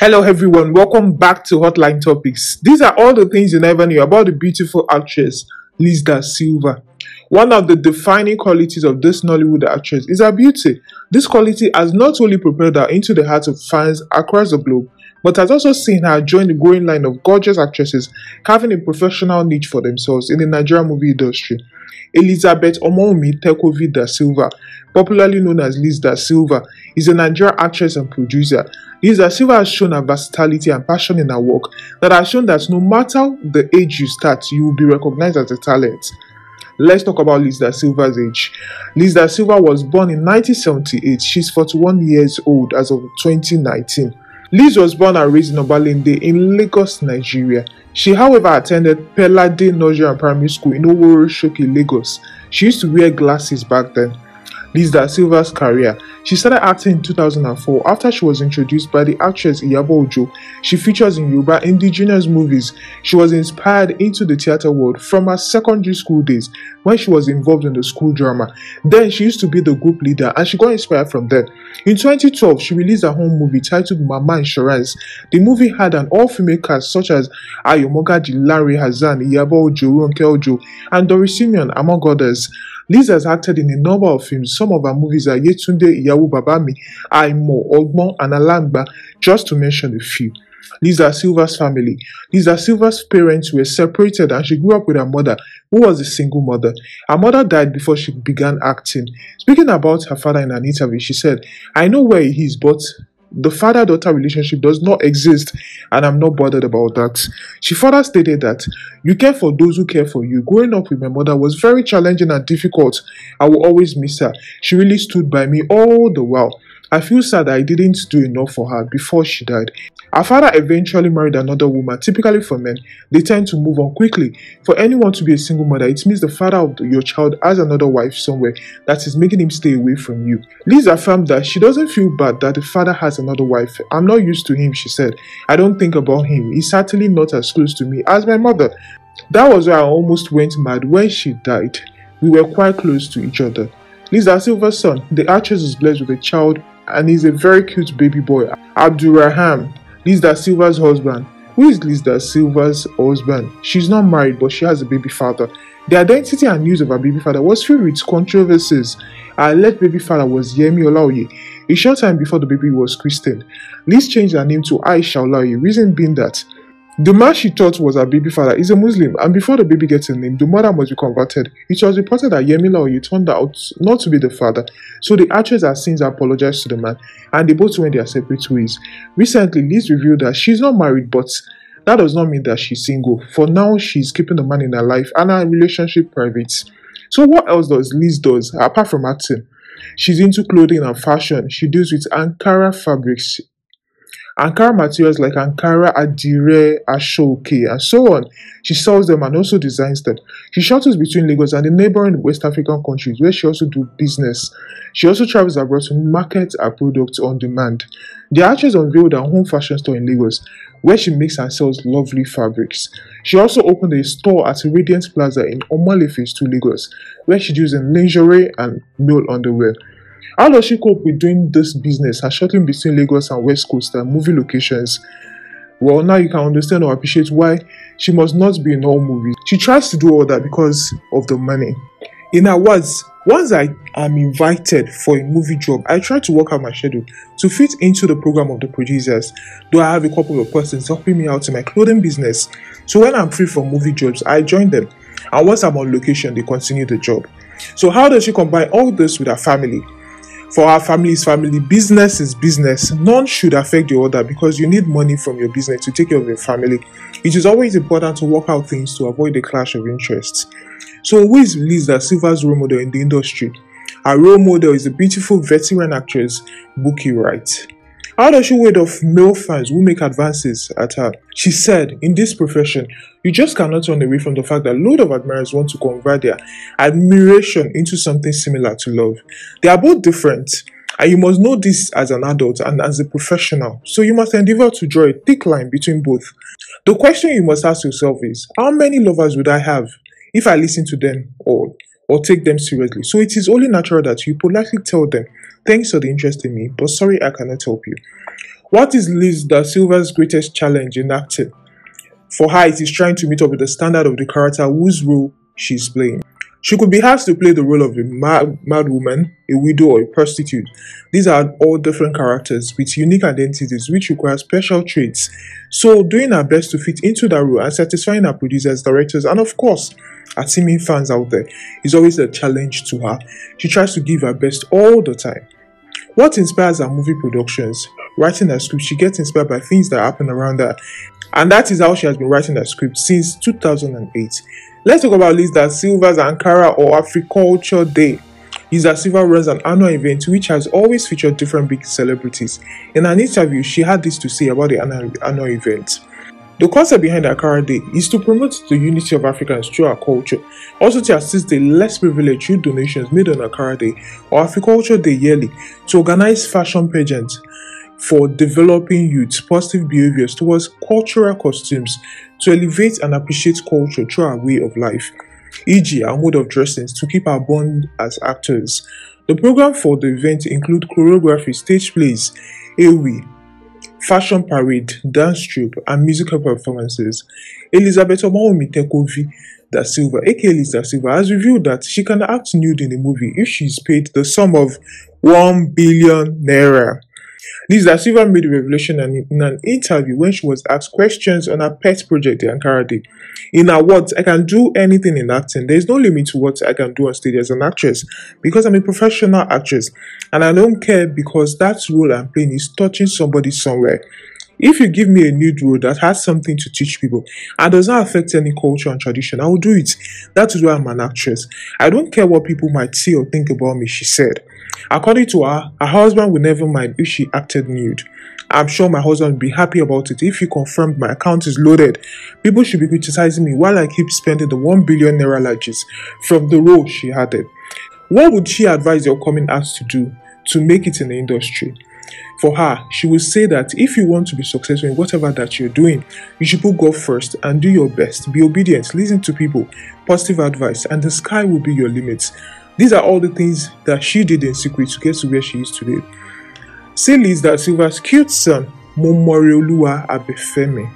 Hello everyone, welcome back to Hotline Topics. These are all the things you never knew about the beautiful actress Liz Silva. One of the defining qualities of this Nollywood actress is her beauty. This quality has not only propelled her into the hearts of fans across the globe, but has also seen her join the growing line of gorgeous actresses carving a professional niche for themselves in the Nigerian movie industry. Elizabeth Omomi Tekovi da Silva, popularly known as Liz da Silva, is a Nigerian actress and producer. Liz da Silva has shown her versatility and passion in her work that has shown that no matter the age you start, you will be recognized as a talent. Let's talk about Liz da Silva's age. Liz da Silva was born in 1978. She's 41 years old as of 2019. Liz was born and raised in Obalinde in Lagos, Nigeria. She, however, attended Pelade Nigerian Primary School in Oworo Shoki, Lagos. She used to wear glasses back then. Liz Da Silva's career. She started acting in 2004 after she was introduced by the actress Iyabo Ojo. She features in Yoruba indigenous movies. She was inspired into the theatre world from her secondary school days when she was involved in the school drama. Then she used to be the group leader and she got inspired from there. In 2012, she released her home movie titled Mama Insurance. The movie had an all-female cast such as Ayomogaji Larry Hazan, Iyabo Ojo, Ronke Ojo, and Doris Simeon among others. Liz has acted in a number of films. Some of her movies are Yetunde, Iyawo Babami, Aimo, Ogbon, and Alangba, just to mention a few. Lisa Silver's family. Lisa Silver's parents were separated and she grew up with her mother, who was a single mother. Her mother died before she began acting. Speaking about her father in an interview, she said, I know where he is, but the father daughter relationship does not exist, and I'm not bothered about that. She further stated that you care for those who care for you. Growing up with my mother was very challenging and difficult. I will always miss her. She really stood by me all the while. I feel sad I didn't do enough for her before she died. Her father eventually married another woman. Typically for men, they tend to move on quickly. For anyone to be a single mother, it means the father of your child has another wife somewhere that is making him stay away from you. Liz affirmed that she doesn't feel bad that the father has another wife. I'm not used to him, she said. I don't think about him. He's certainly not as close to me as my mother. That was why I almost went mad when she died. We were quite close to each other. Lisa Silverson, the actress is blessed with a child and he's a very cute baby boy, Abdurraham, Lizda Silva's husband. Who is Lizda Silva's husband? She's not married, but she has a baby father. The identity and news of her baby father was filled with controversies. Her late baby father was Yemi Olaoye. A short time before the baby was christened, Liz changed her name to Aisha Olaoye, reason being that the man she thought was her baby father is a Muslim, and before the baby gets a name, the mother must be converted. It was reported that Yemila Oye turned out not to be the father, so the actress has since apologized to the man, and they both went their separate ways. Recently, Liz revealed that she's not married, but that does not mean that she's single. For now, she's keeping the man in her life and her relationship private. So what else does Liz does apart from acting? She's into clothing and fashion. She deals with Ankara fabrics Ankara materials like Ankara, Adire, Ashoke, and so on. She sells them and also designs them. She shuttles between Lagos and the neighboring West African countries where she also do business. She also travels abroad to market her products on demand. The actress unveiled her home fashion store in Lagos where she makes and sells lovely fabrics. She also opened a store at Radiance Plaza in Omalefe to Lagos where she deals in lingerie and male underwear. How does she cope with doing this business and shuttling between Lagos and West Coast and movie locations? Well, now you can understand or appreciate why she must not be in all movies. She tries to do all that because of the money. In her words, once I am invited for a movie job, I try to work out my schedule to fit into the program of the producers, though I have a couple of persons helping me out in my clothing business. So when I'm free from movie jobs, I join them, and once I'm on location, they continue the job. So, how does she combine all this with her family? For our is family business is business. None should affect the other because you need money from your business to take care of your family. It is always important to work out things to avoid the clash of interests. So, who is Lisa Silver's role model in the industry? Our role model is the beautiful veteran actress Bookie Wright. How does she ward off male fans who make advances at her? She said, in this profession, you just cannot run away from the fact that a lot of admirers want to convert their admiration into something similar to love. They are both different. And you must know this as an adult and as a professional, so you must endeavor to draw a thick line between both. The question you must ask yourself is how many lovers would I have if I listen to them all or take them seriously? So it is only natural that you politely tell them Thanks for the interest in me, but sorry I cannot help you. What is Liz da Silva's greatest challenge in acting? For her, it is trying to meet up with the standard of the character whose role she's playing. She could be asked to play the role of a mad, mad woman, a widow, or a prostitute. These are all different characters with unique identities which require special traits. So, doing her best to fit into that role and satisfying her producers, directors, and of course, her teaming fans out there is always a challenge to her. She tries to give her best all the time. What inspires her movie productions writing her script, she gets inspired by things that happen around her. And that is how she has been writing her script since 2008. Let's talk about this: that Silva's Ankara or Africulture Day. is a Silva runs an annual event which has always featured different big celebrities. In an interview, she had this to say about the annual, event. The concept behind Ankara Day is to promote the unity of Africans through our culture, also to assist the less privileged through donations made on Ankara Day or Africulture Day yearly, to organize fashion pageants, for developing youth's positive behaviors towards cultural costumes to elevate and appreciate culture through our way of life, e.g., our mode of dressings, to keep our bond as actors. The program for the event include choreography, stage plays, AOE, fashion parade, dance troupe, and musical performances. Elizabeth Omaomi Tekovi da Silva, aka Liz da Silva, has revealed that she can act nude in a movie if she is paid the sum of 1 billion naira. Liz Da Silva made a revelation in an interview when she was asked questions on her pet project, the Ankara Day. In her words, I can do anything in acting. There is no limit to what I can do on stage as an actress because I'm a professional actress and I don't care because that role I'm playing is touching somebody somewhere. If you give me a new role that has something to teach people and does not affect any culture and tradition, I will do it. That is why I'm an actress. I don't care what people might see or think about me, she said. According to her, her husband would never mind if she acted nude. I'm sure my husband would be happy about it if he confirmed my account is loaded. People should be criticizing me while I keep spending the 1 billion naira larges from the role she added. What would she advise your coming out to do to make it in the industry? For her, she will say that if you want to be successful in whatever that you're doing, you should put God first and do your best, be obedient, listen to people, positive advice, and the sky will be your limits. These are all the things that she did in secret to get to where she is today. Say Liz that Silva's cute son, Momorioluwa Abefemi,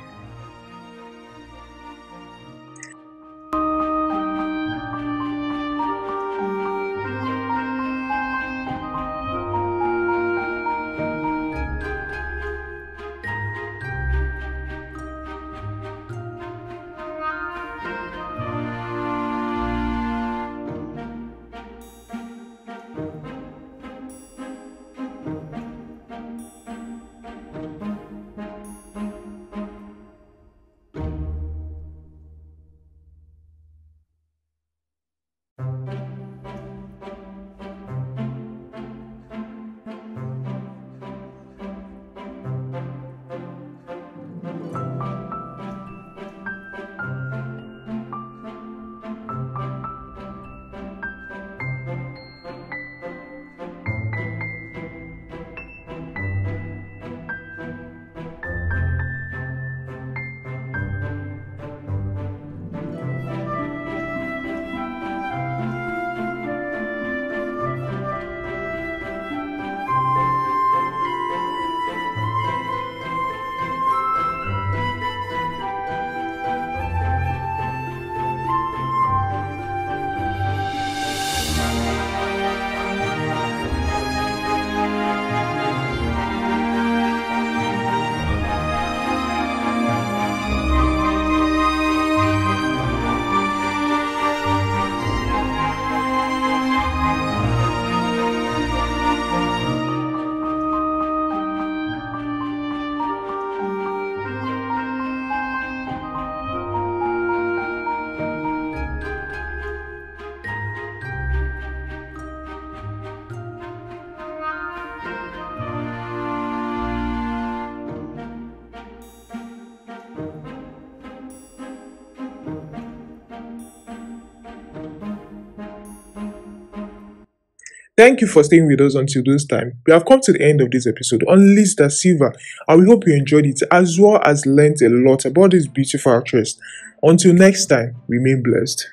Thank you for staying with us until this time. We have come to the end of this episode on Lista Silva, and we hope you enjoyed it as well as learned a lot about this beautiful actress. Until next time, remain blessed.